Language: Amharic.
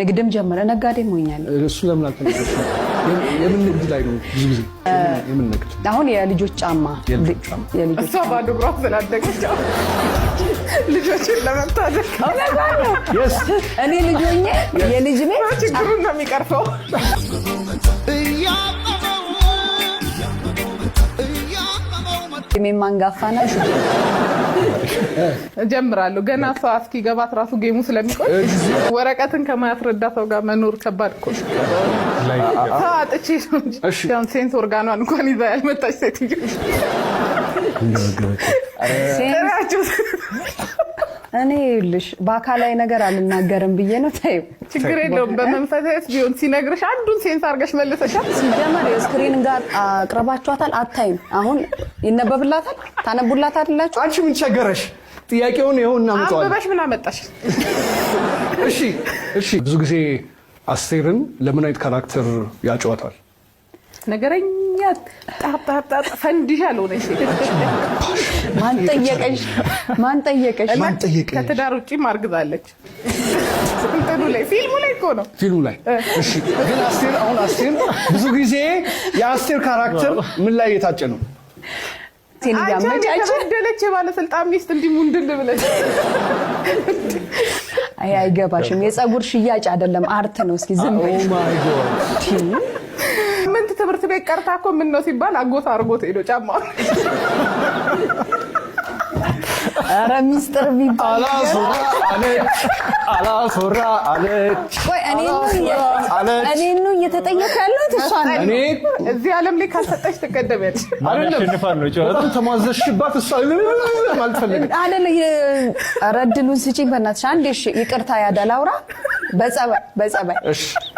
ንግድም ጀመረ። ነጋዴ ሆኛል። እሱ ለምን የምን ንግድ ላይ ነው? ብዙ ጊዜ የምን ንግድ? አሁን የልጆች ጫማ እሷ ባዶ እግሯ ስላደገች ልጆችን ለመታደግ እኔ ልጆኜ የልጅ ቤት ችግሩን ነው የሚቀርፈው። እድሜ ማንጋፋ ነው እጀምራለሁ። ገና ሰው እስኪገባት ራሱ ጌሙ ስለሚቆይ ወረቀትን ከማያስረዳ ሰው ጋር መኖር ከባድ እኮ ሰው አጥቼ ነው እንጂ ሴንስ ኦርጋኗን እንኳን ይዛ ያልመጣች ሴትዮ እኔ ይኸውልሽ በአካላዊ ነገር አልናገርም ብዬ ነው። ተይው፣ ችግር የለውም። በመንፈስ ቢሆን ሲነግርሽ አንዱን ሴንስ አድርገሽ መልሰሻል። ሲጀመር የስክሪን ጋር አቅርባችኋታል። አታይም። አሁን ይነበብላታል፣ ታነቡላት አላችሁ። አንቺ ምን ቸገረሽ? ጥያቄውን ይኸው እናመጣዋለን። አንብበሽ ምን አመጣሽ? እሺ፣ እሺ። ብዙ ጊዜ አስቴርን ለምን አይነት ካራክተር ያጨዋታል? ነገረኛ፣ ጣጣጣ፣ ፈንዲሻ ያልሆነች ማን ጠየቀሽ? ከትዳር ውጭም አርግዛለች። ፊልሙ ላይ እኮ ነው። ፊልሙ ላይ እሺ። ግን አስቴር አሁን አስቴር ብዙ ጊዜ የአስቴር ካራክተር ምን ላይ የታጨ ነው? የተበደለች የባለስልጣን ሚስት ብለሽ አይገባሽም። የፀጉር ሽያጭ አይደለም አርት ነው። እስኪ ዝም oh ምንት ትምህርት ቤት ቀርታ እኮ ምን ነው ሲባል አጎት አርጎት ሄዶ ጫማ ኧረ ሚስጥር ቢባል አላስወራ አለች። እኔኑ እየተጠየቅ ያለት እዚህ ዓለም ላይ ካልሰጠች ትቀደሚያለች። ተማዘሽባት እሷ ረድሉን ስጪኝ በእናትሽ አንዴ። ይቅርታ ያደላውራ በጸባይ በጸባይ